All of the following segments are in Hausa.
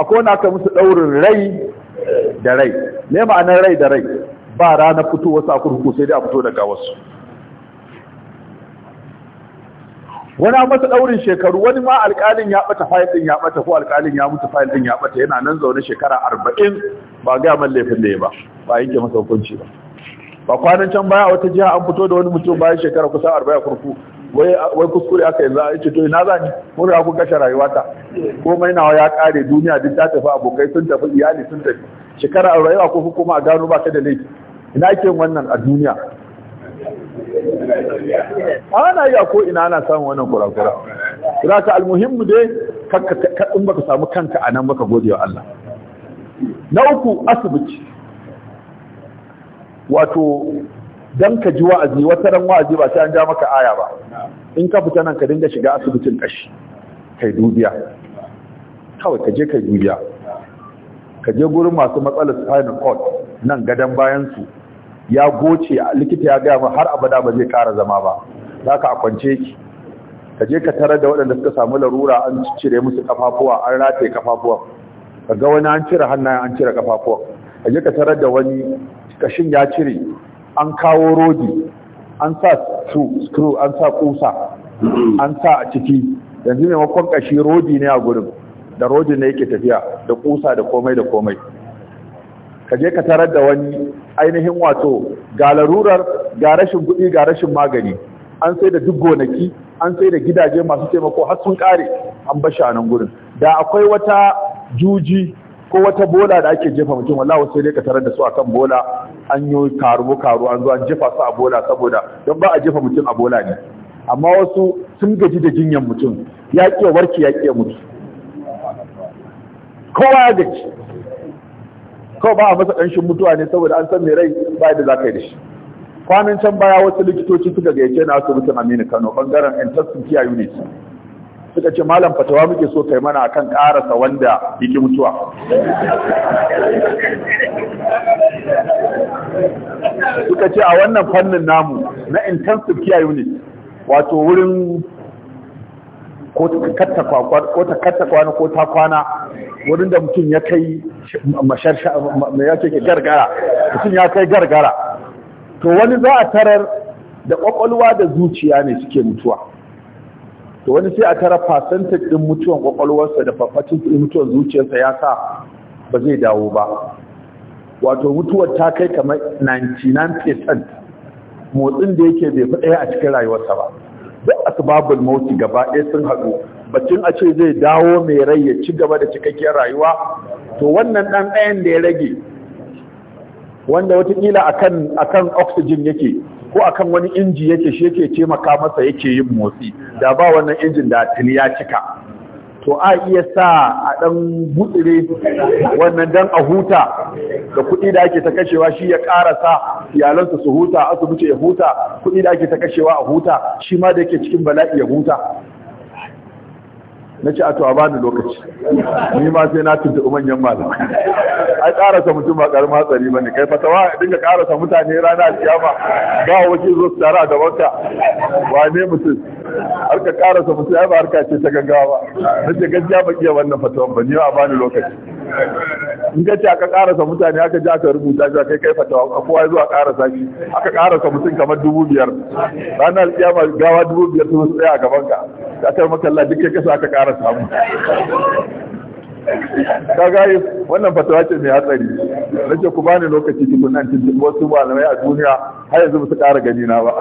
akwai wani aka musu daurin rai da rai ne ma'anar rai da rai ba rana fito wasu a kurkuku sai dai a fito daga wasu wani an masa ɗaurin shekaru wani ma alƙalin ya ɓata fayil ɗin ya ɓata ko alƙalin ya mutu fayil ɗin ya bata yana nan zaune shekara arba'in ba ga man laifin da ba ba yanke masa hukunci ba ba kwanan can baya wata jiha an fito da wani mutum bayan shekara kusan arba'in kurkuku wai kuskure aka yi za a ce to ina za ni mun ra ku kashe rayuwata komai nawa ya kare duniya duk ta tafi abokai sun tafi iyali sun tafi shekara a rayuwa ko kuma a gano ba ka da laifi ina ke wannan a duniya ana a ko ina ana samun wannan kurakura za ka almuhimmu dai in baka samu kanka a nan baka gode wa Allah na uku asibiti wato dan ka ji wa'azi wata ran wa'azi ba sai an ja maka aya ba in ka fita nan ka dinga shiga asibitin kashi kai dubiya kawai ka je kai dubiya ka je gurin masu matsalar spinal cord nan gadon bayan su ya goce likita ya gaya ma har abada ba zai kara zama ba zaka a kwance ki ka je ka tarar da waɗanda suka samu larura an cire musu kafafuwa an rataye kafafuwa ka ga wani an cire hannayen an cire kafafuwa ka je ka tarar da wani kashin ya cire an kawo rodi an sa screw an sa kusa an sa a ciki yanzu makon kashi rodi ne a gurin da rodi ne yake tafiya da kusa da komai da komai ka je ka tarar da wani ainihin wato ga larurar ga rashin kuɗi ga rashin magani an sai da duk gonaki an sai da gidaje masu taimako har sun kare an bashi a nan gurin da akwai wata juji ko wata bola da ake jefa mutum wallahi sai dai ka tarar da su akan bola an yi karu karu an zo an jefa su a bola saboda don ba a jefa mutum a bola ne amma wasu sun gaji da jinyan mutum ya ke warke ya ke mutu kowa ya gaji kawai ba a masa ƙanshin mutuwa ne saboda an san mai rai ba da za ka yi da shi kwanan can baya wasu likitoci suka gayyace na asibitin aminu kano bangaren intestine care unit suka ce malam fatawa muke so kai mana akan karasa wanda yake mutuwa suka ce a wannan fannin namu na intensive care unit wato wurin ko ta kwana ko ta kwana wurin da mutum ya kai masharsha mai yake ke gargara mutum ya kai gargara to wani za a tarar da kwakwalwa da zuciya ne suke mutuwa to wani sai a tara fasantar ɗin mutuwan kwakwalwarsa da fafatin ɗin mutuwan zuciyarsa ya sa ba zai dawo ba wato mutuwar ta kai kamar 99% motsin da yake bai faɗaya a cikin rayuwarsa ba duk asbabul mauti gaba ɗaya sun haɗu bacin a ce zai dawo mai rai ya ci gaba da cikakkiyar rayuwa to wannan ɗan ɗayan da ya rage wanda watakila akan kan oxygen yake ko akan wani inji yake shi yake taimaka masa yake yin motsi da ba wannan injin da tuni ya cika to a iya sa a ɗan butsire wannan dan a huta da kuɗi da ake ta kashewa shi ya ƙarasa iyalansa su huta asibiti ya huta kuɗi da ake ta kashewa a huta shi ma da yake cikin bala'i ya huta na ce a to a bani lokaci ni ma sai na tuntu manyan malam ai karasa mutum ba karama tsari ne kai fatawa dinga karasa mutane rana a kiyama ba wace zo su tara da wanka. wane mutum har ka karasa mutum ya ba harka ce ta gaggawa na ce gaskiya ba iya wannan fatawan ba ni ma a bani lokaci in ka ce aka karasa mutane aka ji aka rubuta shi kai kai fatawa a kowa zuwa karasa shi aka karasa mutum kamar dubu biyar ranar kiyama gawa dubu biyar sun tsaya a gaban ka ta kan makalla duk ya kasa aka ƙara samu ka gaye wannan fatawa ce mai hatsari na ce ku bani lokaci tukun nan cikin wasu malamai a duniya har yanzu su kara gani na ba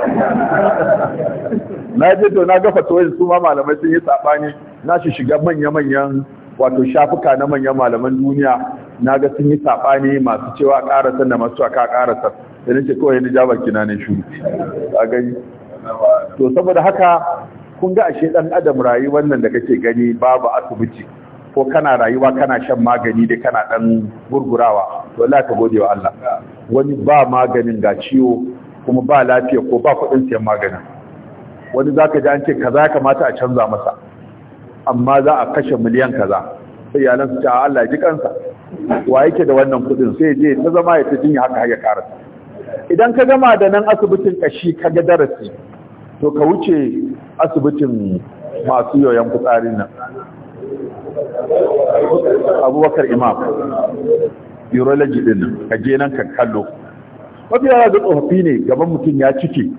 na je to na ga fatawar su ma malamai sun yi sabani na shi shiga manya-manyan wato shafuka na manyan malaman duniya na ga sun yi sabani masu cewa ƙara san da masu aka ƙara san da nace kawai ni jaba kina ne shuru gani to saboda haka kun ga ashe dan adam rayuwar wannan da kake gani babu asibiti ko kana rayuwa kana shan magani da kana dan gurgurawa to Allah ka gode wa Allah wani ba maganin ga ciwo kuma ba lafiya ko ba kuɗin siyan magani? wani zaka ji an ce kaza ya kamata a canza masa amma za a kashe miliyan kaza sai ya su ta Allah ji kansa wa yake da wannan kuɗin sai je ta zama ya ta jinya haka ya karasa idan ka gama da nan asibitin kashi ka ga darasi to ka wuce asibitin masu yoyon fitsari nan abubakar imam urology din nan kaje nan ka kallo mafi yara da tsofaffi ne gaban mutum ya cike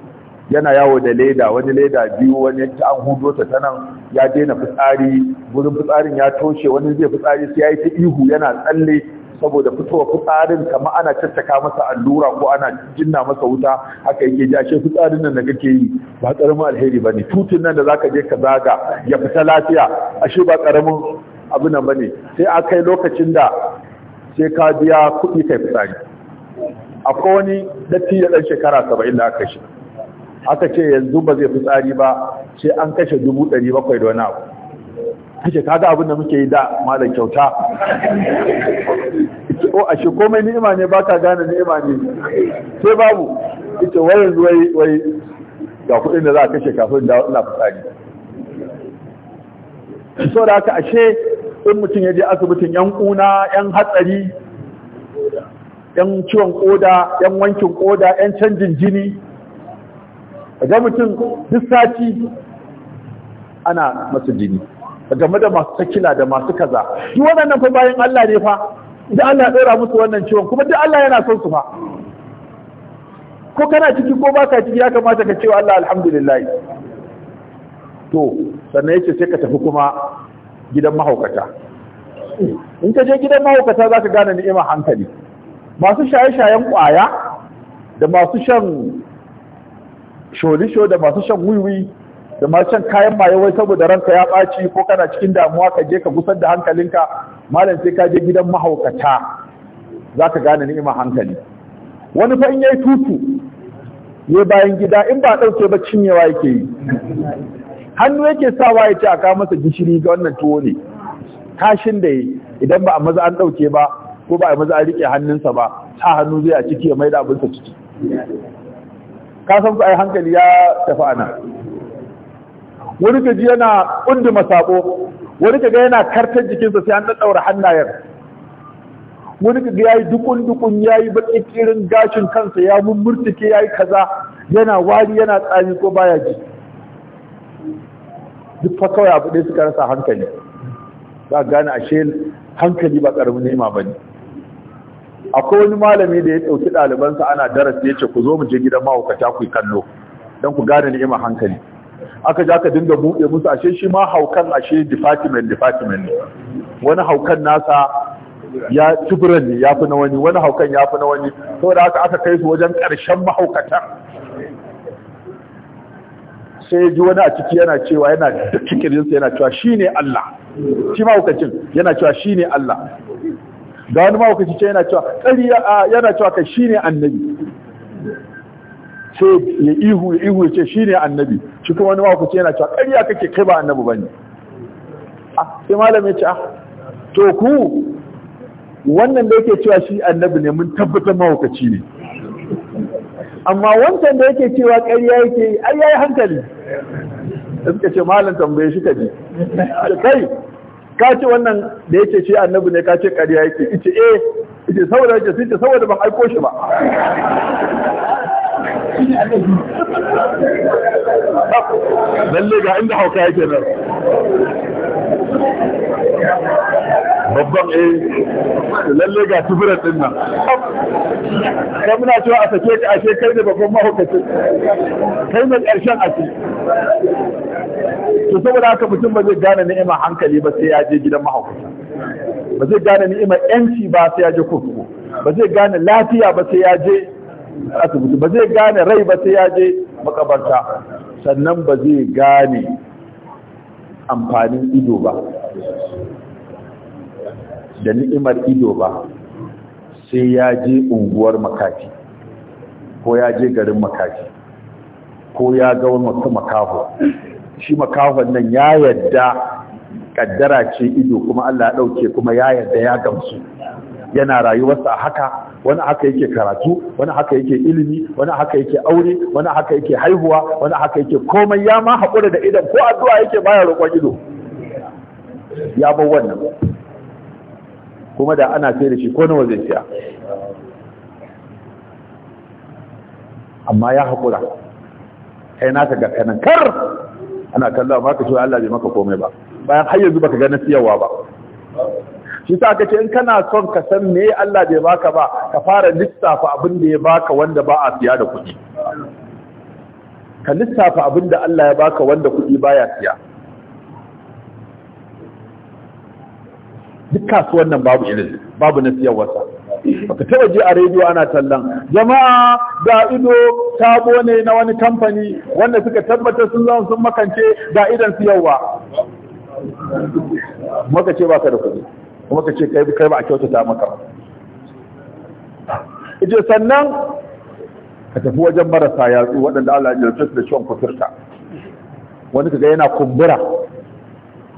yana yawo da leda wani leda biyu wani yanki an hudo ta tanan ya daina fitsari gurin fitsarin ya toshe wani zai fitsari sai ya yi ta ihu yana tsalle saboda fitowa fitsarin kama ana caccaka masa allura ko ana jinna masa wuta haka yake ji ashe fitsarin nan da kake yi ba karamin alheri bane tutun nan da ka je ka zaga ya fita lafiya ashe ba karamin abu nan bane sai a kai lokacin da sai ka biya kuɗi kai fitsari akwai wani datti da ɗan shekara saba'in da aka shi aka ce yanzu ba zai fitsari ba sai an kashe dubu ɗari bakwai da wani abu kace kaga abin da muke yi da malam kyauta a oh, ashe komai ni'ima ne baka gane ni'ima ne sai babu ita wai wai wai ga kuɗin da za a kashe kafin da ina fitsari so da haka ashe in mutum ya je asibitin yan kuna yan hatsari yan ciwon koda yan wankin koda yan canjin jini ga mutum duk sati ana masa jini game da masu sakila da masu kaza duk waɗannan fa bayan Allah ne fa da Allah ya ɗora musu wannan ciwon kuma duk Allah yana son su fa ko kana ciki ko ba ka ciki ya kamata ka cewa Allah alhamdulillah to sannan yace sai ka tafi kuma gidan mahaukata in ka je gidan mahaukata za ka gane ni'imar hankali masu shaye-shayen kwaya da masu shan sholisho da masu shan wiwi da ma kayan maye wai saboda ranka ya ɓaci ko kana cikin damuwa ka je ka gusar da hankalinka malam sai ka je gidan mahaukata za ka gane ni'imar hankali wani fa in yayi tutu ya bayan gida in ba ɗauke ba cinyewa yake yi hannu yake sawa ya ce a kawo masa gishiri ga wannan tuwo ne kashin da yi idan ba a maza an ɗauke ba ko ba a maza an riƙe hannunsa ba sa hannu zai a ciki ya mai da abinsa ciki ka san ku ai hankali ya tafi a nan wani ka ji yana ƙundi masaɓo, wani ka ga yana kartar jikinsa sai an daddaura hannayen wani ka ga yayi dukun dukun yayi baki kirin gashin kansa ya ya yayi kaza yana wari yana tsami ko baya ji duk fa kawai abu ɗaya suka rasa hankali za gane ashe hankali ba ƙaramin nema ba ne akwai wani malami da ya ɗauki ɗalibansa ana darasi ya ce ku zo mu je gidan mahaukata ku yi kallo don ku gane ni'imar hankali aka ja ka dinga buɗe musu ashe shi ma haukan ashe department department ne wani haukan nasa ya tuburan ne ya fi na wani wani haukan ya fi na wani to da aka kai su wajen ƙarshen mahaukatan sai ji wani a ciki yana cewa yana da cikirinsa yana cewa shi ne Allah shi mahaukacin yana cewa shi ne Allah ga wani mahaukaci ce yana cewa ƙari yana cewa kai shi ne annabi sai ya ihu ya ihu ya ce shi ne annabi shi kuma wani mako yana cewa ƙarya kake kai ba annabi ba ne ah, sai malam ya ce a? Ah, to ku wannan da yake cewa shi annabi ne mun tabbatar mahaukaci ne amma wancan da yake cewa ƙarya yake yi ai yayi hankali da suka ce malam tambaye shi kaji kai ka ce wannan da yake ce annabi ne ka ce ƙarya yake ita eh ice saboda yake sai saboda ban aiko shi ba lalle ga inda hauka yake nan babban eh lalle ga tuburan din nan kai muna cewa a sake ka ashe kai ne babban mahaukacin kai mai ƙarshen ashe to saboda haka mutum ba zai gane ni'ima hankali ba sai ya je gidan mahaukacin ba zai gane ni'imar yanci ba sai ya je kurkuku ba zai gane lafiya ba sai ya je asibiti ba zai gane rai ba sai ya je makabarta sannan ba zai gane amfanin ido ba da ni'imar ido ba sai ya je unguwar makafi ko ya je garin makafi ko ya ga wata makaho shi makahon nan ya yadda kaddara ce ido kuma Allah ya dauke kuma ya yadda ya gamsu yana rayuwarsa a haka wani haka yake karatu wani haka yake ilimi wani haka yake aure wani haka yake haihuwa wani haka yake komai ya ma haƙura da idan ko addu'a yake baya roƙon ido ya bar wannan kuma da ana sai da shi ko nawa zai siya amma ya haƙura kai naka ga kanan kar ana kallon ba ka shi Allah bai maka komai ba bayan har yanzu baka ga na siyawa ba shi sa ka ce in kana son ka san me Allah bai baka ba ka fara lissafa abin da ya baka wanda ba a siya da kuɗi ka lissafa abin da Allah ya baka wanda kuɗi baya siya duk kasuwan nan babu irin babu na siyan wasa baka taba ji a rediyo ana tallan jama'a ga ido tabo ne na wani kamfani wanda suka tabbata sun zama sun makance ga idan siyarwa maka ce baka da kuɗi kuma ka ce kai ba a kyautata maka ba ije sannan ka tafi wajen marasa yatsu waɗanda Allah ya jarfe da ciwon kufurta wani kaga yana kumbura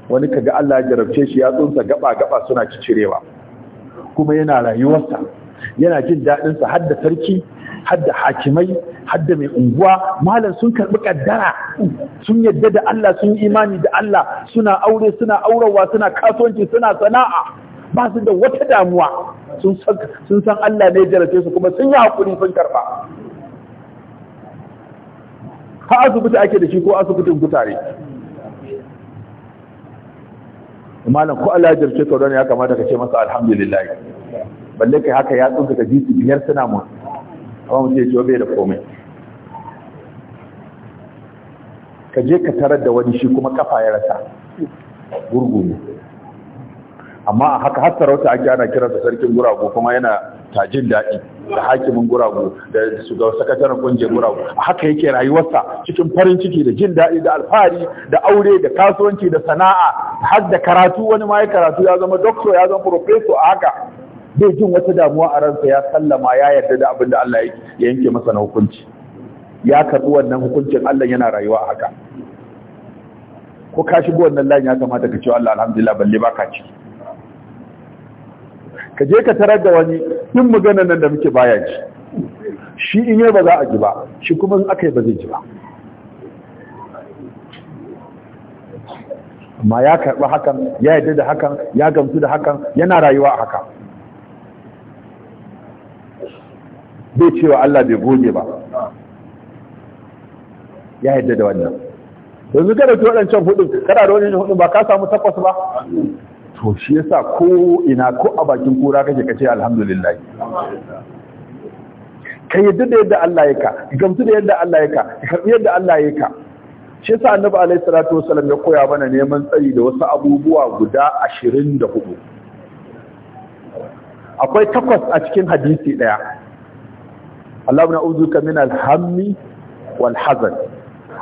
wani kaga Allah ya jarabce shi yatsunsa gaba gaba suna cicirewa kuma yana rayuwarsa yana jin daɗin sa har sarki har da hakimai har mai unguwa malam sun karɓi kaddara sun yadda da Allah sun imani da Allah suna aure suna aurewa suna kasuwanci suna sana'a ba su da wata damuwa sun san Allah ne jarace su kuma sun yi haƙuri sun karɓa. ha asibiti ake da shi ko asibitin kutare malam ko Allah ya jarce ka ya kamata ka ce masa alhamdulillah balle kai haka ya tsunka ka jisi biyar suna mu amma mu ce jobe da komai ka je ka tarar da wani shi kuma kafa ya rasa Gurgumi. amma a haka har sarauta ake ana kiransa sarkin guragu kuma yana tajin daɗi da hakimin guragu da shugaban sakataren kungiyar guragu a haka yake rayuwarsa cikin farin ciki da jin daɗi da alfahari da aure da kasuwanci da sana'a har da karatu wani ma ya karatu ya zama doctor ya zama professor a haka bai jin wata damuwa a ransa ya sallama ya yarda da abin da Allah ya yanke masa na hukunci ya karɓi wannan hukuncin Allah yana rayuwa a haka ko ka shigo wannan layin ya kamata ka ce Allah alhamdulillah balle baka ci ka je ka tarar da wani yin magana nan da muke baya shi shi in yi ba za a ji ba shi kuma in aka yi ba zai ji ba amma ya karɓi hakan ya yadda da hakan ya gamsu da hakan yana rayuwa a haka bai cewa Allah bai goge ba ya yadda da wannan yanzu kada ke waɗancan hudu kada da wani hudu ba ka samu takwas ba to shi yasa ko ina ko a bakin kura kake kace alhamdulillah ka yadda da yadda Allah ya ka gamsu da yadda Allah ya ka ka karbi yadda Allah ya ka shi yasa annabi alaihi salatu wasallam ya koya mana neman tsari da wasu abubuwa guda 24 akwai takwas a cikin hadisi daya Allahumma na'udzuka min alhammi hammi wal hazan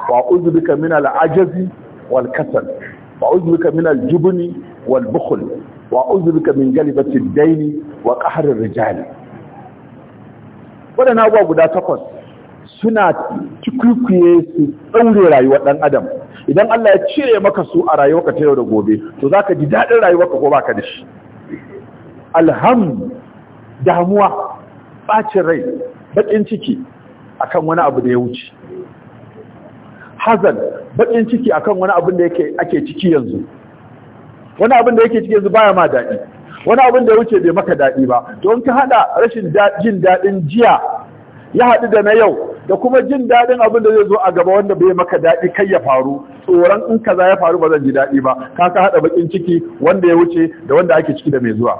wa a'udhu bika min alajazi wal kasal wa a'udhu bika min aljubni wal bukhl wa uzurka min galibati daini wa qahrir rijali wadannan abubuwa guda takwas suna cikuikuye su daure rayuwar ɗan adam idan Allah ya cire maka su a rayuwarka ta yau da gobe to zaka ji daɗin dadin ka ko ka da shi alham damuwa bacin rai baƙin ciki akan wani abu da ya wuce Hazal baƙin ciki akan wani abin da yake ake ciki yanzu wani abin da yake cikin baya ma daɗi wani abin da ya wuce bai maka daɗi ba to in ka haɗa rashin jin daɗin jiya ya haɗu da na yau da kuma jin daɗin abin da zai zo a gaba wanda bai maka daɗi kai ya faru tsoron in kaza ya faru ba zan ji daɗi ba ka ka haɗa bakin ciki wanda ya wuce da wanda ake ciki da mai zuwa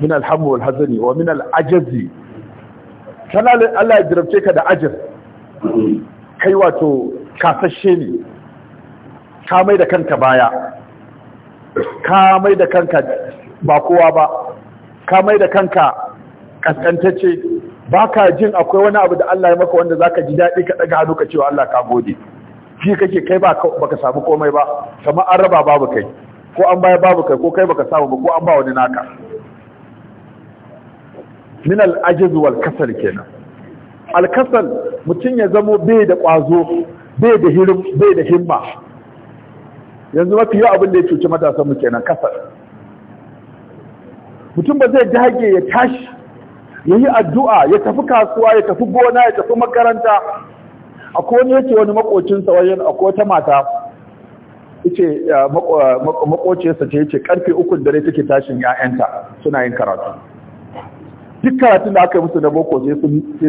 min alhamu wal hazani wa min al ajazi Allah ya jirabce ka da ajir kai wato kasashe ne ka mai da kanka baya ka mai da kanka ba kowa ba ka mai da kanka kaskantacce ba ka jin akwai wani abu da Allah ya maka wanda za ka ji daɗi ka ɗaga hannu ka cewa Allah ka gode fi kake kai ba ka samu komai ba kamar an raba babu kai ko an baya babu kai ko kai baka samu ba ko an ba wani naka min al wal kasal kenan al-kasal mutun ya zamo bai da kwazo bai da hirim bai da himma yanzu mafi yau abin da ya cuci matasan mu kenan kasar mutum ba zai dage ya tashi ya yi addu'a ya tafi kasuwa ya tafi gona ya tafi makaranta akwai wani yake wani makocinsa wajen a ta mata ce makociyarsa ce yace karfe uku dare take tashin 'ya'yanta suna yin karatu duk karatun da aka yi musu da boko sai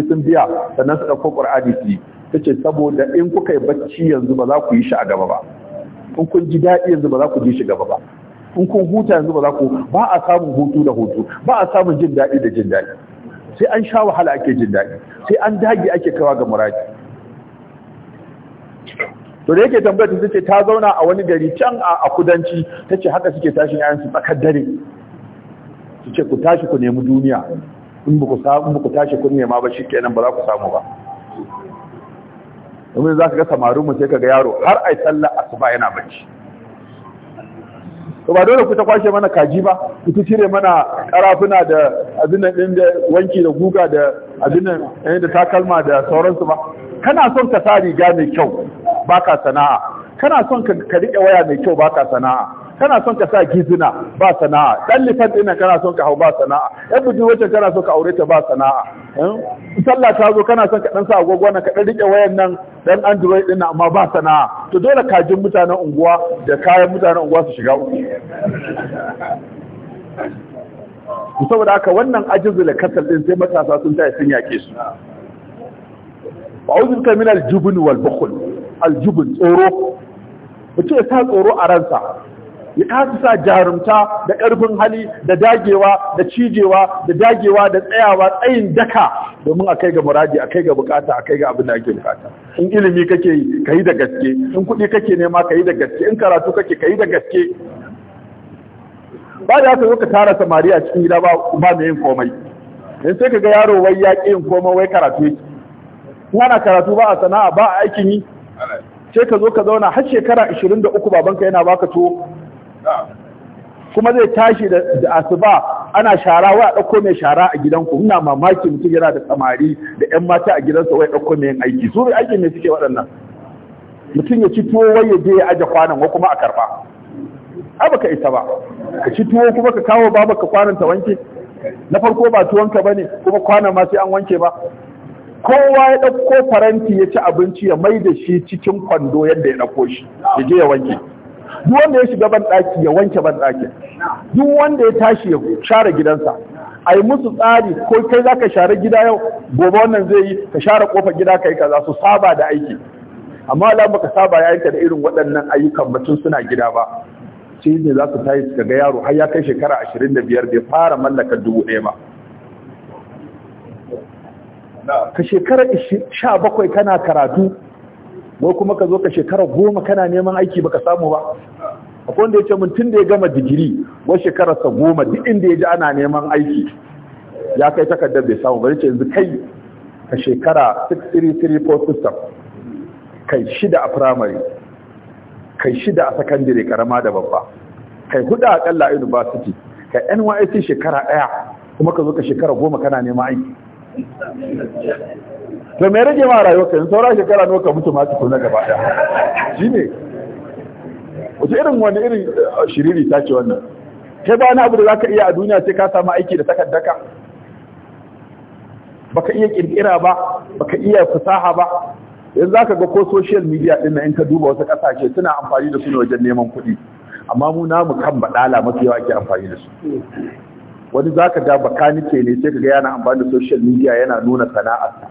sun biya sannan su ɗauko ƙur'ani ta ce saboda in kuka yi bacci yanzu ba za ku yi shi a gaba ba in kun ji daɗi yanzu ba za ku ji shi gaba ba in kun huta yanzu ba za ku ba a samun hutu da hutu ba a samun jin daɗi da jin daɗi sai an sha wahala ake jin daɗi sai an dage ake kawa ga muradi to da yake tambayar ta ce ta zauna a wani gari can a kudanci ta ce haka suke tashin yayan su tsakar dare su ce ku tashi ku nemi duniya in ba ku tashi kun nema ba shi kenan ba za ku samu ba domin za ka ga samarin mu sai ka ga yaro har ai sallah asuba yana bacci ba dole ku ta kwashe mana kaji ba ku ta cire mana karafuna da abin din da wanki da guga da abin nan eh, da takalma da sauransu ba kana son ka sa riga mai kyau baka sana'a kana son ka riƙe waya mai kyau baka sana'a kana son ka sa gizina ba sana'a dan lifan din kana son ka hau ba sana'a yan buji wacce kana son ka aure ta ba sana'a hmm? sallah ta zo kana son ka dan sa agogo na, ka dan rike wayan nan dan android din amma ba sana'a to dole kajin mutanen unguwa da kayan mutanen unguwa su shiga uku saboda haka wannan ajizu da kasar din sai matasa sun tayi sun yake su ba'udhu bika min al-jubn wal bukhl al-jubn tsoro mutum ya sa tsoro a ransa ya kasu sa jarumta da ƙarfin hali da dagewa da cijewa da dagewa da tsayawa tsayin daka domin a kai ga muradi a kai ga bukata a kai ga abin da ake bukata in ilimi kake yi ka yi da gaske in kuɗi kake nema ka yi da gaske in karatu kake ka yi da gaske ba da haka zo ka tara samari a cikin gida ba ba mai yin komai in sai ka ga yaro wai ya ƙi yin komai wai karatu yake ana karatu ba a sana'a ba a aikin yi sai ka zo ka zauna har shekara 23 babanka yana baka tuwo kuma zai tashi da asuba ana shara wa a ɗauko mai shara a gidanku ina mamaki mutum yana da samari da ƴan mata a gidansa wai ɗauko mai yin aiki su aiki ne suke waɗannan mutum ya ci tuwo wai ya je ya aje kwanan wa kuma a karɓa ai baka isa ba ka ci tuwo kuma ka kawo baba ka kwanan ta wanke na farko ba tuwon tuwonka bane kuma kwanan ma sai an wanke ba kowa ya ɗauko faranti ya ci abinci ya mai da shi cikin kwando yadda ya ɗauko shi ya je ya wanke duk wanda ya shiga ban ya wanke ban duk wanda ya tashi ya share gidansa a yi musu tsari ko kai za ka share gida yau gobe wannan zai yi ka share kofar gida ka yi kaza su saba da aiki amma wala baka saba ya aika da irin waɗannan ayyukan batun suna gida ba shi ne za su tayi su ga yaro har ya kai shekara ashirin da biyar bai fara mallaka dubu ɗaya ba ka shekara sha bakwai kana karatu wai kuma ka zo ka shekara goma kana neman aiki baka samu ba akwai wanda ya ce mun tun da ya gama digiri wa shekararsa goma duk inda ya ji ana neman aiki ya kai takardar bai samu bari ce yanzu kai ka shekara 6334 system kai shida a primary kai shida a secondary karama da babba kai huda a kalla a university kai NYSC shekara daya kuma ka zo ka shekara goma kana neman aiki to mai rage ma rayuwarka in saura shekara nawa ka mutu ma kuna gaba daya ne. wace irin wani irin uh, shiriri ta ce wannan kai ba abu da zaka iya a duniya sai ka samu aiki da takaddaka baka iya kirkira ba baka iya fasaha ba yanzu zaka ga ko social media din in ka duba wasu kasashe suna amfani da su ne wajen neman kuɗi amma mu namu kan badala mafi yawa ake amfani da su wani zaka ga bakanike ne sai ka ga yana amfani da social media yana nuna sana'a.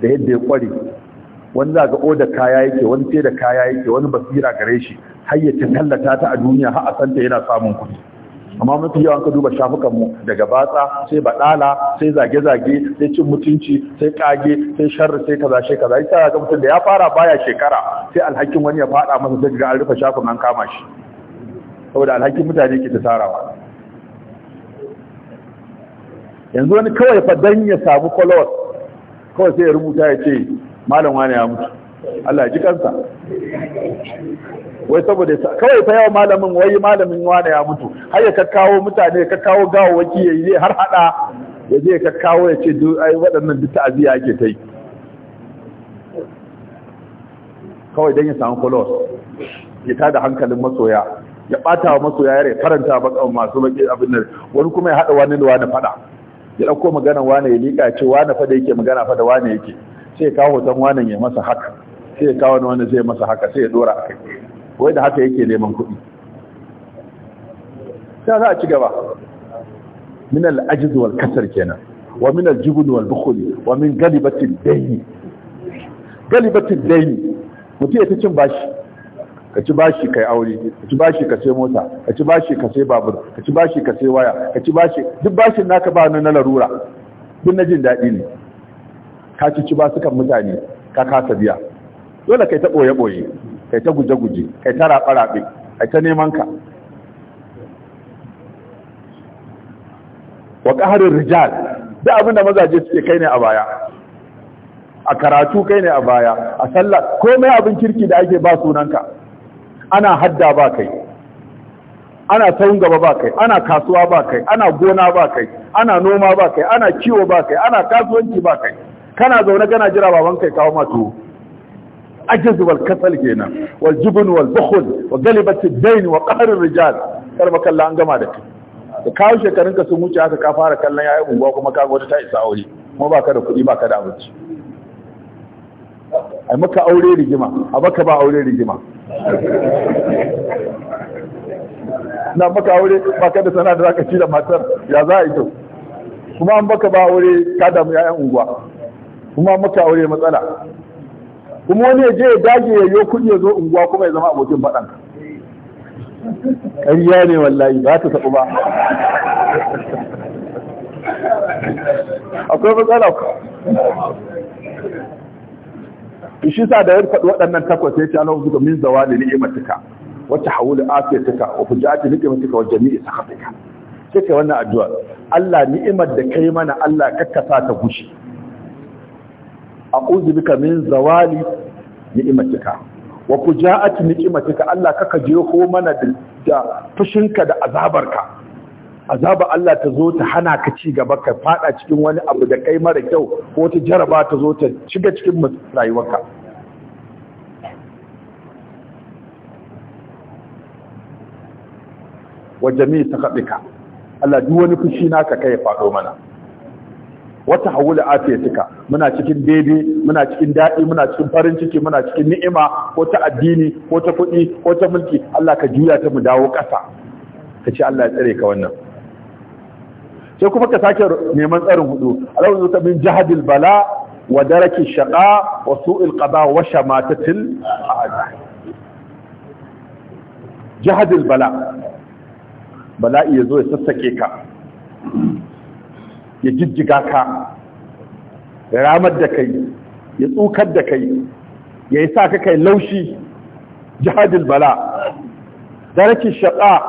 da yadda ya kware wani za ga oda kaya yake wani sai da kaya yake wani basira gare shi har ya tallata ta a duniya har a santa yana samun kuɗi amma mafi yawan ka duba shafukanmu daga batsa sai baɗala sai zage-zage sai cin mutunci sai kage sai sharri sai kaza sai kaza ita ga mutum da ya fara baya shekara sai alhakin wani ya faɗa masa sai ga an rufe shafin an kama shi saboda alhakin mutane ke ta tarawa yanzu wani kawai fa dan ya samu followers kawai sai ya rubuta ya ce malam wani ya mutu Allah ji kansa wai saboda kawai fa yawa malamin wai malamin wani ya mutu har ya kakkawo mutane kakawo kakkawo gawawaki ya yi har hada ya je ya kakkawo ya ce ai waɗannan duk ta'aziyya ake ta yi kawai don ya samu kolos ya tada hankalin masoya ya ɓata wa masoya ya faranta bakan masu baki abin nan wani kuma ya haɗa wani da wani faɗa ya ɗauko magana wane ya liƙa ce wane fa da yake magana fa da wane yake sai ya kawo hoton wane ya masa haka sai ya kawo wani zai masa haka sai ya dora a kai wai da haka yake neman kuɗi sai za a ci gaba min al-ajiz wal kasar kenan wa min al-jubn wal bukhl wa min galibati ad-dayn galibati ad-dayn mutum ya ta cin bashi ka ci bashi kai aure ka ci bashi ka sai mota ka ci bashi ka sai babur ka ci bashi ka sai waya ka ci bashi duk bashin naka ba na larura duk na jin daɗi ne ka ci ci basukan mutane ka kasa biya dole kai ta ɓoye ɓoye kai ta guje guje kai ta rafa raɓe kai ta neman ka wa ƙaharin rijal duk abinda mazaje suke kai ne a baya a karatu kai ne a baya a sallah komai abin kirki da ake ba sunanka ana hadda ba kai ana taun gaba ba kai ana kasuwa ba kai ana gona ba kai ana noma ba kai ana kiwo ba kai ana kasuwanci ba kai kana zaune kana jira baban kai kawo mato ajiz wal kasal kenan wal jubn wal bukhl wa galibat ad-dayn wa qahr ar-rijal karba Allah an gama da kai da kawo ka sun wuce aka ka fara kallon yayin unguwa kuma ka ga wata ta isa aure kuma baka da kuɗi baka da abinci a maka aure rigima a maka ba aure rigima na maka aure ba ka da sana da zaka ci da matar ya za a yi to kuma an baka ba aure ka damu yayan unguwa kuma an maka aure matsala kuma wani ya je ya dage ya yo kudi ya zo unguwa kuma ya zama abokin faɗan ƙarya ne wallahi ba ta taɓa ba akwai matsala shi sa da ya faɗi waɗannan takwas ya ce ana zuka min zawali wacce wata hawulu tuka wa fujati ni'imatika wa jami'i sakhatika sai ka wannan addu'a Allah ni'imar da kai mana Allah kakkasa ta gushi a'udhu bika min zawali ni'imatika wa fujati ni'imatika Allah kaka jiyo ko mana da fushinka da azabarka azaba Allah ta zo ta hana ka ci gaba ka fada cikin wani abu da kai mara kyau ko ta jaraba ta zo ta shiga cikin rayuwarka wa jami'i ka. Allah duk wani fushi naka kai faɗo mana wata hawula tuka muna cikin daidai muna cikin daɗi muna cikin farin ciki muna cikin ni'ima ko ta addini ko ta kuɗi ko ta mulki Allah ka juya ta mu dawo ƙasa ka ce Allah ya tsare ka wannan sai kuma ka sake neman tsarin hudu alawun zuta min jahadil bala wa daraki shaqa wa su'il qada wa shamatatil a'da jahadil bala iya zo ya sassake ka ya jijjiga ka ya ramar da kai ya tsukar da kai ya yi sa ka kai laushi jihadil bala darakin shaƙa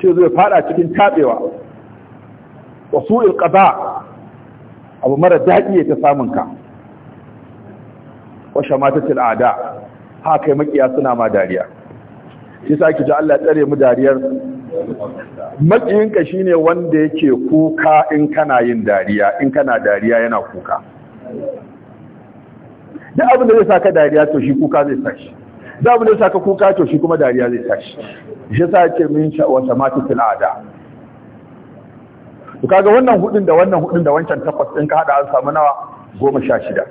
ce ya fada cikin taɓewa wa su'il qada abu mara daɗi ya ta samun ka wa shamatatil a'da haka kai makiya suna ma dariya shi sa ki ji Allah tsare mu dariyar ka shine wanda yake kuka in kana yin dariya in kana dariya yana kuka duk abin da zai saka dariya to shi kuka zai sashi duk abin da zai saka kuka to shi kuma dariya zai sashi shi sa ce min wa matatil a'da to kaga wannan hudun da wannan hudun da wancan takwas din ka hada an samu nawa goma sha shida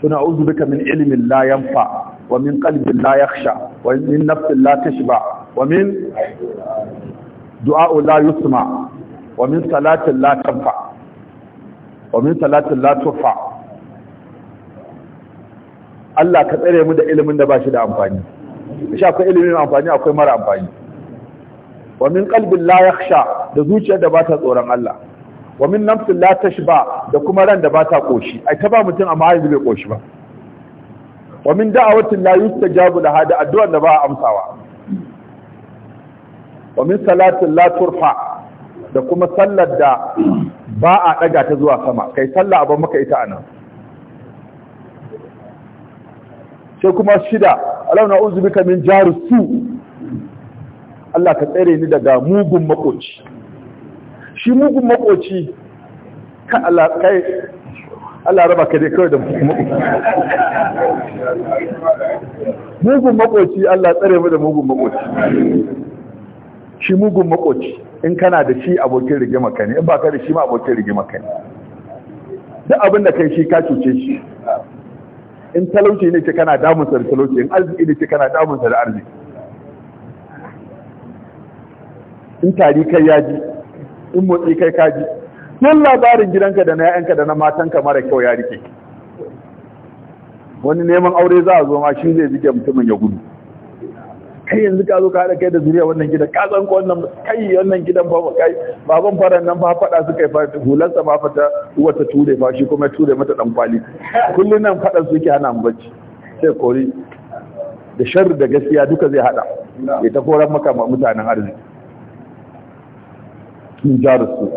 suna uzu bika min ilimin la yanfa wa min qalbin la yakhsha wa min nafsin la tashba wa min du'a'u la yusma wa min salatin la tanfa wa min salatin la tufa Allah ka tsare mu da ilimin da ba shi da amfani shi akwai ilimin amfani akwai mara amfani wa min qalbin la yakhsha da zuciyar da ba ta tsoron Allah wa min nafsin la tashba da kuma ran da ba ta koshi ai ta ba mutum amma yanzu bai koshi ba wa min da'awatin la yustajabu laha da addu'ar da ba a amsawa wa min salatin la turfa da kuma sallar da ba a daga ta zuwa sama kai sallah abin maka ita anan sai kuma shida alauna uzubika min jaru su Allah ka tsere ni daga mugun makoci shi mugun makoci ka Allah Allah raba ka dai kawai da mugun makoci Allah tsere mu da mugun makoci shi mugun makoci in kana da shi abokin rigima makani, in ba ka da shi ma abokin rigima makani. duk abin da kai shi ka cuce shi in talauci ne ce kana damunsa da talauci in arziki ne ce kana damunsa da arziki in tari kai ya ji in motsi kai ka ji sun labarin gidanka da na yayanka da na matanka mara kyau ya rike wani neman aure za a zo ma shi zai jike mutumin ya gudu kai yanzu ka zo ka haɗa kai da zuriya wannan gidan ka san ko wannan kai wannan gidan ba ba kai baban faran nan ba faɗa suka yi fata sa ba fata uwar ta ture ba shi kuma ture mata dan kwali kullun nan faɗan ke hana mu bacci sai kori da sharri da gaskiya duka zai haɗa ya ta koran maka mutanen arziki cikin jarusu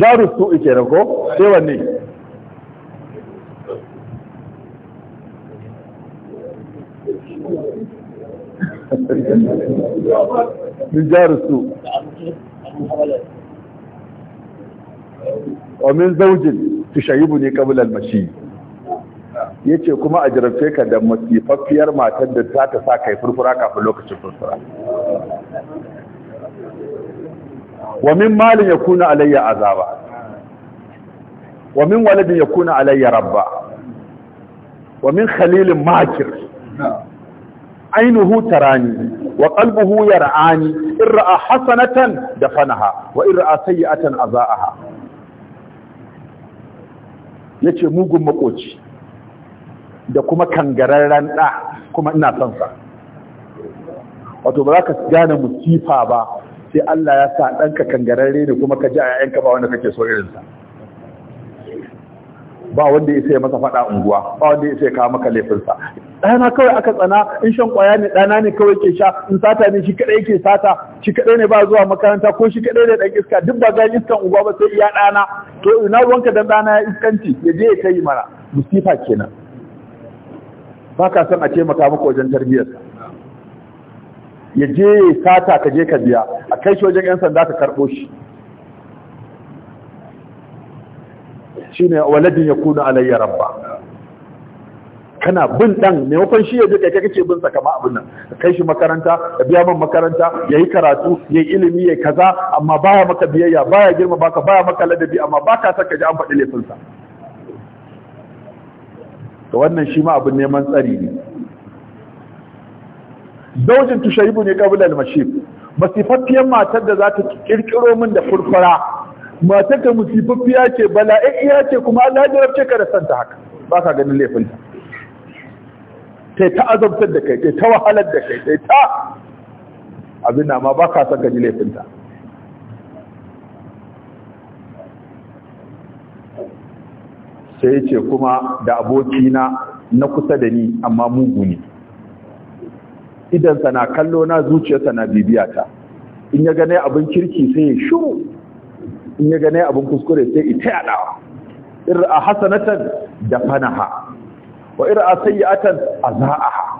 jarusu ike na ko sai wanne min jarusu wa min zaujin tushayibu ne kabilar yace kuma a jarabce ka da masifaffiyar matar da za ta sa kai furfura kafin lokacin furfura wa min ya yakuna alayya azaba wa min ya kuna alayya rabba wa min khalilin makir da fanaha, وقلبه يرعاني إن رأى حسنة دفنها وإن رأى سيئة أضاءها yace mugun makoci da kuma kangararren ɗa kuma ina son sa wato ba za ka gane musifa ba sai Allah ya sa ɗanka kangararre ne kuma ka ji a ‘ya'yanka ba wanda kake so irinsa ba wanda ya sai masa faɗa unguwa ba wanda ya sai kawo maka laifinsa ɗana kawai aka tsana in shan ƙwaya ne ɗana ne kawai ke sha in sata ne shi kaɗai ke sata shi kaɗai ne ba zuwa makaranta ko shi kaɗai ne ɗan iska duk ba ga iskan unguwa ba sai iya ɗana to ina wanka dan ɗana ya iskanci ya je ya kai mana musifa kenan ba ka san a taimaka maka wajen tarbiyyarsa ya je sata ka je ka biya a kai shi wajen 'yan sanda ka karɓo shi shi ne waladin ya kuna alayya rabba kana bin ɗan maimakon shi ya je kai kake bin sa kama abin nan ka kai shi makaranta ka biya man makaranta ya yi karatu ya yi ilimi ya kaza amma baya maka biyayya baya girma baka baya maka ladabi amma baka saka ji an faɗi sa to wannan shi ma abin neman tsari ne zaujin sha'ibu ne kabila al-mashib masifaffiyar matar da za ta kirkiro min da furfura matar da musifaffiya ce bala'iyya ce kuma Allah ya jarabce ka da santa haka ba ka ganin laifin ta ta azabtar da kai ta wahalar da kai ta abin amma ba ka san ka ji laifin ta sai ya ce kuma da abokina na kusa da ni amma mugu ne Idan sana kallo na zuciyarsa na bibiyata in ya gane abin kirki sai ya shuru in ya gane abin kuskure sai ita Ir a hasanatan da fanaha wa a a azaaha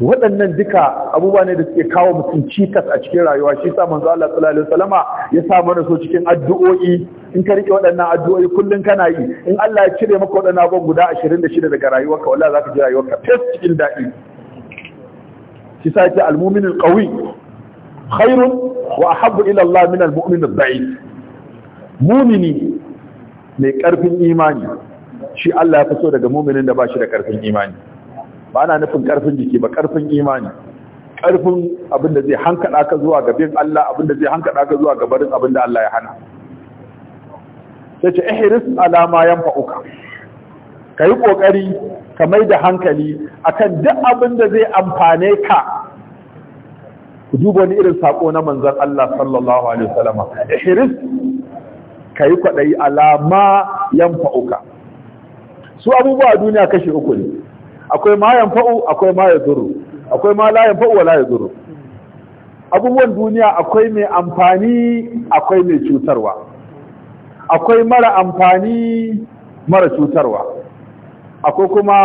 waɗannan duka abubuwa ne da suke kawo mutum cikas a cikin rayuwa shi sa manzo Allah sallallahu alaihi wasallama ya sa mana so cikin addu'o'i in ka riƙe waɗannan addu'o'i kullum kana yi in Allah ya cire maka waɗannan abubuwan guda ashirin da shida daga rayuwarka wallahi zaka ji rayuwarka fes cikin daɗi shi sa yake al-mu'min al-qawi khairun wa ahabbu ila Allah min al-mu'min al-da'if mu'mini mai karfin imani shi Allah ya fito daga mu'minin da ba shi da karfin imani ba na nufin karfin jiki ba karfin imani karfin abin da zai hankada ka zuwa ga bin Allah abin da zai hankada ka zuwa ga barin abin da Allah ya hana sai ce ihris ala ma yanfa'uka kai kokari ka mai da hankali akan duk abin da zai amfane ka ku duba wani irin sako na manzon Allah sallallahu alaihi wasallama ihris kai kwadai ala ma yanfa'uka su abubuwa a duniya kashi uku ne akwai ma yanfa'u akwai ma yaduru akwai ma la yanfa'u wa la yaduru abubuwan duniya akwai mai amfani akwai mai cutarwa akwai mara amfani mara cutarwa akwai kuma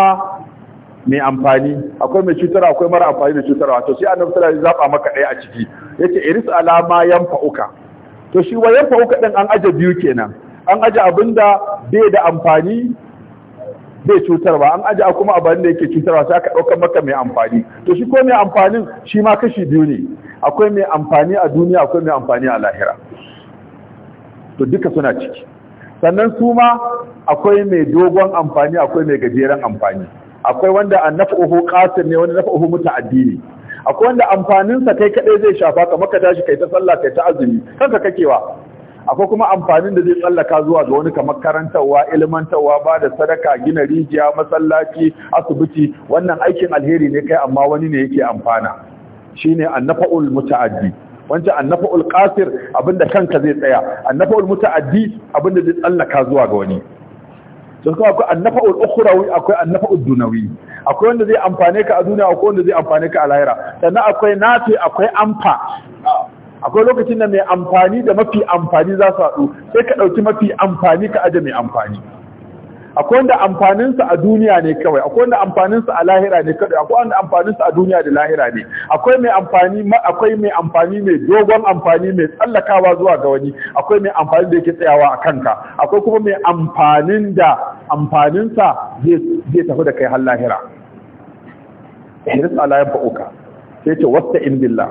mai amfani akwai mai cutarwa akwai mara amfani da cutarwa to shi annabi sallallahu alaihi wasallam zaba maka ɗaya a ciki yace iris alama uka to shi wa uka din an aje biyu kenan an aje abinda bai da amfani bai cutarwa an aje kuma abin da yake cutarwa sai aka ɗaukar maka mai amfani to shi ko mai amfanin shi ma kashi biyu ne akwai mai amfani a duniya akwai mai amfani a lahira to duka suna ciki sannan su ma akwai mai dogon amfani akwai mai gajeren amfani akwai wanda annafuhu qatir ne wanda nafuhu muta'addi ne akwai wanda amfaninsa kai kadai zai shafa ka maka tashi kai ta sallah kai ta azumi kanka kakewa akwai kuma amfanin da zai tsallaka zuwa ga wani kamar karantarwa ilmantarwa ba da sadaka gina rijiya masallaci asibiti wannan aikin alheri ne kai amma wani ne yake amfana shine annafa'ul muta'addi wancan annafa'ul qasir abinda kanka zai tsaya annafa'ul muta'addi abinda zai tsallaka zuwa ga wani to kuma akwai annafa'ul ukhrawi akwai annafa'ul dunawi akwai wanda zai amfane ka a duniya akwai wanda zai amfane ka a lahira sannan akwai nafi akwai amfa akwai lokacin da mai amfani da mafi amfani za su haɗu sai ka ɗauki mafi amfani ka aje mai amfani akwai wanda amfanin sa a duniya ne kawai akwai wanda amfanin sa a lahira ne kawai akwai wanda amfanin sa a duniya da lahira ne akwai mai amfani akwai mai amfani mai dogon amfani mai tsallakawa zuwa ga wani akwai mai amfani da yake tsayawa a kanka akwai kuma mai amfanin da amfanin sa zai tafi da kai har lahira Allah ya fa'uka. sai ce wasta in billah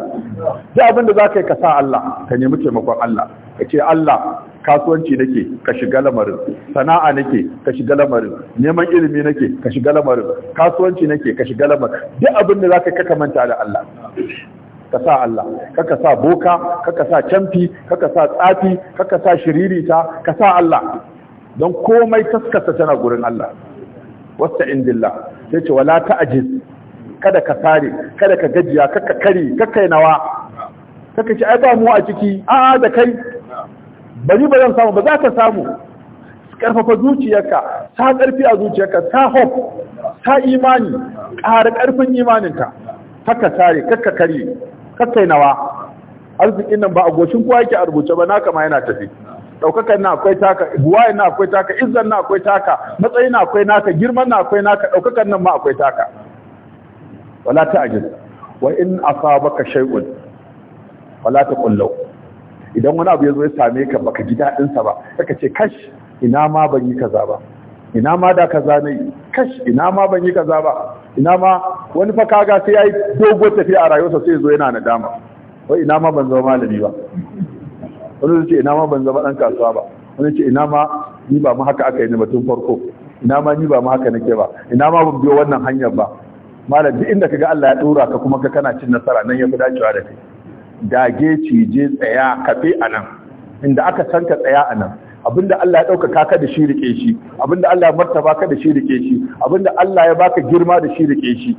da abin da za ka yi ka sa Allah ka nemi taimakon Allah ka ce Allah kasuwanci nake ka shiga lamarin sana'a nake ka shiga lamarin neman ilimi nake ka shiga lamarin kasuwanci nake ka shiga lamarin duk abin da za ka kaka manta da Allah ka sa Allah kaka sa boka kaka sa camfi kaka sa tsafi kaka sa shiririta ka sa Allah don komai taskasa tana gurin Allah wasta in billah sai ce wala ta'jiz kada ka sare kada ka gajiya kakka kare kakka nawa kakka ci ai ba mu a ciki a da kai bari ba zan samu ba za ka samu karfafa zuciyarka sa karfi a zuciyarka sa hope sa imani ƙara karfin imaninka kakka sare kakka kare kakka nawa arzikin nan ba a goshin kowa yake a rubuce ba naka ma yana tafi ɗaukakan na akwai taka buwayen na akwai taka izzan na akwai taka matsayi na akwai naka girman na akwai naka ɗaukakan nan ma akwai taka wala ta'jil wa in asabaka shay'un wala ta law idan wani abu yazo ya same ka baka ji dadin sa ba saka ce kash ina ma ban yi kaza ba ina ma da kaza ne kash ina ma ban yi kaza ba ina ma wani fa kaga sai yayi dogo tafiya a rayuwarsa sai yazo yana nadama wai ina ma ban zama malami ba wani zai ce ina ma ban zama dan kasuwa ba wani ce ina ma ni ba mu haka aka yi ne mutum farko ina ma ni ba mu haka nake ba ina ma ban biyo wannan hanyar ba malam duk inda kaga Allah ya dora ka kuma ka kana cin nasara nan yafi dacewa da kai dage cije tsaya kafe anan inda aka san ka tsaya anan abinda Allah ya dauka ka da shi rike shi abinda Allah ya martaba ka da shi rike shi abinda Allah ya baka girma da shi rike shi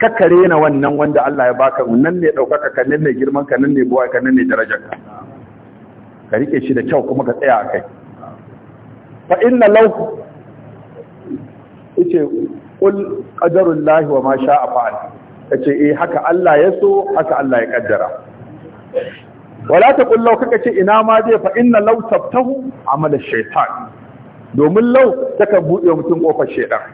kakkare na wannan wanda Allah ya baka nan ne daukaka ka nan ne girman ka nan ne buwa ka nan ne darajar ka ka rike shi da kyau kuma ka tsaya akai fa inna law yace qul qadarullahi wa ma sha'a fa'al kace eh haka Allah ya so haka Allah ya kaddara wala ta qul law ce ina ma zai fa inna law tabtahu amala shaitan? domin lau takan buɗe mutum kofar shaytan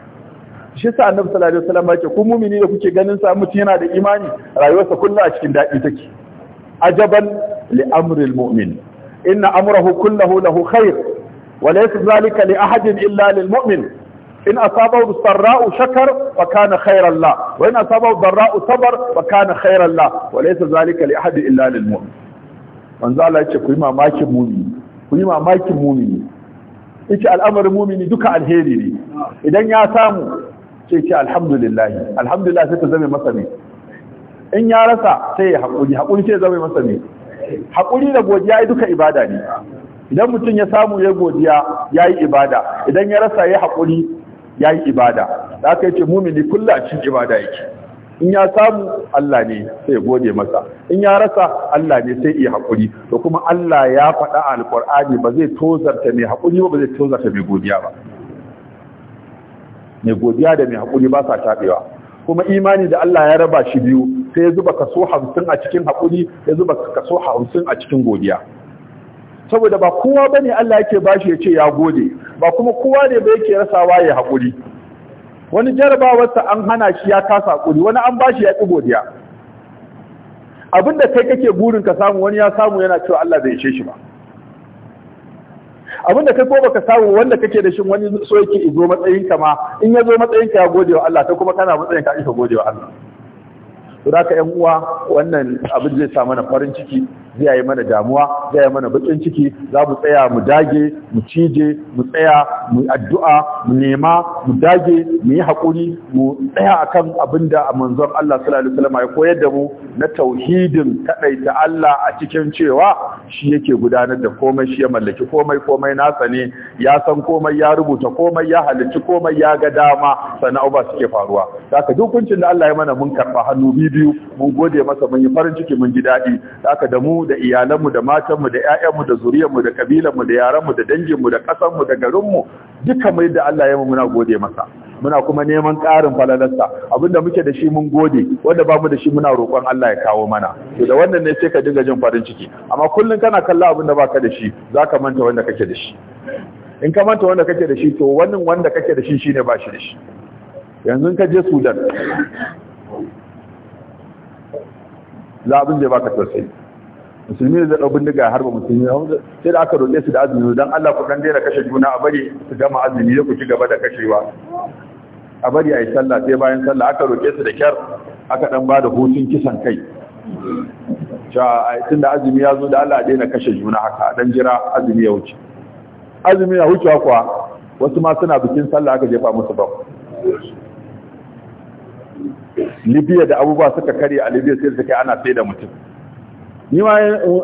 shi sa annabi sallallahu alaihi wasallam yake ku mumini da kuke ganin sa mutum yana da imani rayuwarsa kullu a cikin daɗi take ajaban li amri almu'min inna amrahu kullahu lahu khair wa laysa zalika li ahadin illa lilmumin mu'min in asabahu sarra'u shakar wa kana khairan la wa in asabahu darra'u sabar wa kana khairan la wa laysa zalika li ahadin illa lil mu'min manzo Allah yace ku yi mamakin mumini ku yi mamakin mumini yace al'amarin mumini duka alheri ne idan ya samu sai ce alhamdulillah alhamdulillah sai ta zame masa ne in ya rasa sai ya haƙuri haƙuri sai zama masa ne haƙuri da godiya ya duka ibada ne idan mutum ya samu ya godiya ya yi ibada idan ya rasa ya haƙuri ya yi ibada da aka yi ce mumini kulla cin ibada yake in ya samu Allah ne sai gode masa in ya rasa Allah ne sai iya haƙuri. to kuma Allah ya faɗa a alqur'ani ba zai tozarta mai haƙuri ba ba zai tozarta mai godiya ba mai godiya da mai haƙuri ba sa tabewa kuma imani da Allah ya raba shi biyu sai ya zuba kaso hamsin a cikin sai ya zuba kaso hamsin a cikin godiya saboda ba kowa ba ne Allah yake bashi ya ce ya gode ba kuma kowa ne ba yake rasawa ya hakuri. wani jarabawarsa an hana shi ya kasa hakuri, wani an bashi ya ƙi godiya abinda kai kake burin ka samu wani ya samu yana cewa Allah bai ishe shi ba abinda kai ko baka samu wanda kake da shi wani so yake izo matsayin ka ma in ya zo matsayin ka ya gode wa Allah ta kuma kana matsayin ka ka gode wa Allah to da ka ƴan uwa wannan abin zai sa mana farin ciki zai yi mana damuwa zai yi mana bakin ciki za mu tsaya mu dage mu cije mu tsaya mu addu'a mu nema mu dage mu yi haƙuri mu tsaya akan abin da manzon Allah sallallahu alaihi wasallam ya koyar da mu na tauhidin kadaita Allah a cikin cewa shi yake gudanar da komai shi ya mallaki komai komai nasa ne ya san komai ya rubuta komai ya halicci komai ya ga dama sana'u ba suke faruwa haka duk da Allah ya mana mun karba hannu biyu mun gode masa mun yi farin ciki mun ji daɗi haka da mu da iyalanmu da matanmu da ƴaƴanmu da zuriyarmu da kabilanmu da yaranmu da danginmu da ƙasarmu da garinmu duka mai da Allah ya mu muna gode masa muna kuma neman ƙarin falalarsa abinda muke da shi mun gode wanda bamu da shi muna roƙon Allah ya kawo mana to da wannan ne sai ka dinga jin farin ciki amma kullun kana kallon abinda baka da shi zaka manta wanda kake da shi in ka manta wanda kake da shi to wannan wanda kake da shi shine ba shi da shi yanzu ka je Sudan za abin da baka tausayi musulmi ne zai ɗau bindiga harba musulmi sai da aka roƙe su da azumi don Allah ku ɗan daina kashe juna a bari su gama azumi ya ku ci gaba da kashewa a bari a yi sallah sai bayan sallah aka roƙe su da kyar aka ɗan ba da hutun kisan kai tun da azumi ya zo da Allah a daina kashe juna haka dan jira azumi ya wuce azumi ya wuce kuwa wasu ma suna bikin sallah aka jefa musu ba Libya da abubuwa suka karye a Libya sai suka kai ana sai da mutum ni ma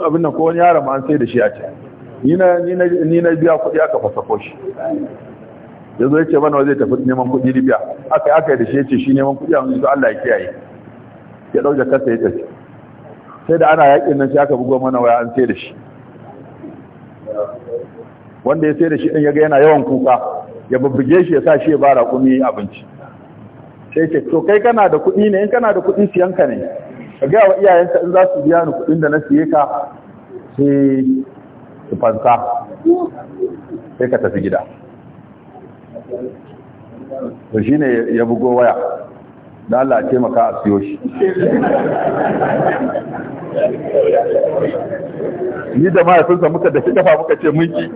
abin nan ko wani yaron ma an sai da shi a can ni na biya kuɗi aka fasafo shi ya zo ya ce mana zai tafi neman kuɗi libya aka aka da shi ya ce shi neman kuɗi a wani Allah ya kiyaye ya ɗau kasa ya tafi sai da ana yaƙin nan sai aka bugo mana waya an sai da shi wanda ya sai da shi ɗin ya ga yana yawan kuka ya bubbuge shi ya sa shi ya bara kumi abinci sai ce to kai kana da kuɗi ne in kana da kuɗi siyan ka ne ka gaya wa iyayenka in za su biya ni kuɗin da na siye ka sai su fansa sai ka tafi gida to shi ne ya bugo waya da Allah ce maka a siyo shi ni da mahaifinsa muka da kafa muka ce munki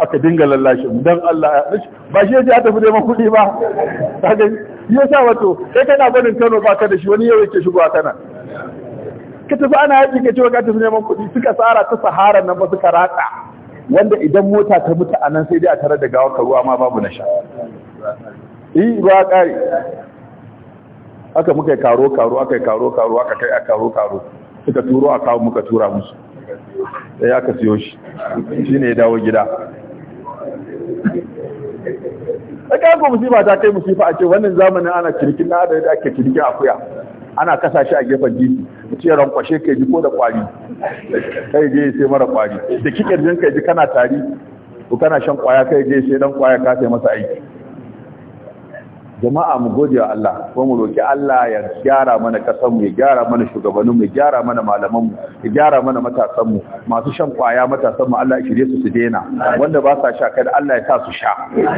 aka dinga lallashi don Allah ba shi yaji a tafi neman kuɗi ba ta gani ya sa wato sai kana gwanin kano ba ka da shi wani yau yake a kana ka tafi ana yaƙi ka ce ka tafi neman kuɗi suka tsara ta sahara nan ba suka ratsa wanda idan mota ta mutu a nan sai dai a tare da gawar ruwa ma babu na sha yi ruwa ƙari aka muka yi karo karo aka yi karo karo aka kai a karo karo suka turo a kawo muka tura musu da ya ka siyo shi shi ne ya dawo gida a ƙarfi musifa ta kai musifa a ce wannan zamanin ana cirkin na da ake cirkin akuya ana kasa shi a gefen titi ce rankwashe ka ji ko da kwari kai je sai mara kwari da kikirjin ka ji kana tari ko kana shan kwaya kai je sai dan kwaya ka sai masa aiki jama'a mu gode wa Allah kuma mu roki Allah ya gyara mana kasan mu ya gyara mana shugabannin mu ya gyara mana malaman mu ya gyara mana matasan mu masu shan kwaya matasan mu Allah ya shirye su su daina wanda ba sa sha kada Allah ya sa su sha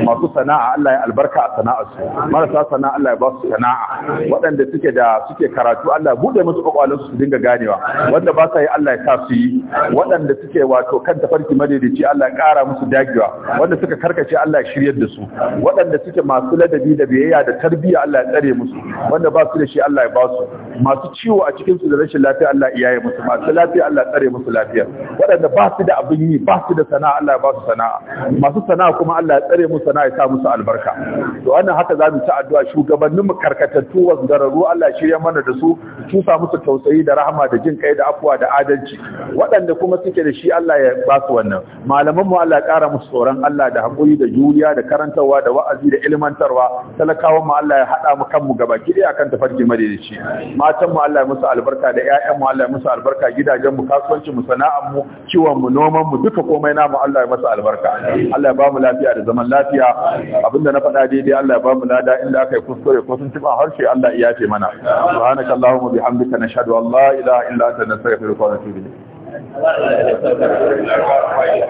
masu sana'a Allah ya albarka a sana'ar su marasa sana'a Allah ya ba su sana'a waɗanda suke da suke karatu Allah ya bude musu kwakwalen su dinga ganewa wanda ba sa yi Allah ya sa su yi waɗanda suke wato kan tafarki madaidaici Allah ya ƙara musu dagewa wanda suka karkace Allah ya shiryar da su waɗanda suke masu ladabi da biyayya lafiya da tarbiyya Allah ya tsare musu wanda ba su da shi Allah ya ba su masu ciwo a cikin su da rashin lafiya Allah ya yi musu masu lafiya Allah ya tsare musu lafiya waɗanda ba su da abin yi ba su da sana'a Allah ya ba su sana'a masu sana'a kuma Allah ya tsare musu sana'a ya sa musu albarka to wannan haka za mu ta addu'a shugabannin mu karkatattu wasgararru Allah shirya mana da su tusa musu tausayi da rahama da jin kai da afuwa da adalci waɗanda kuma suke da shi Allah ya ba su wannan malaman mu Allah ya ƙara musu tsoron Allah da haƙuri da juriya da karantarwa da wa'azi da ilmantarwa talaka talakawan mu Allah ya haɗa mu kanmu gaba gidi a akan tafarki madaidaici matan mu Allah ya musu albarka da ƴaƴan mu Allah ya musu albarka gidajen mu kasuwancin mu sana'an mu kiwon mu noman mu duka komai namu Allah ya masa albarka Allah ya ba mu lafiya da zaman lafiya abinda na faɗa daidai Allah ya ba mu lada inda aka yi kuskure ko sun tuba harshe Allah ya yafe mana subhanaka allahumma bihamdika nashhadu an la ilaha illa anta nastaghfiruka wa natubu ilayk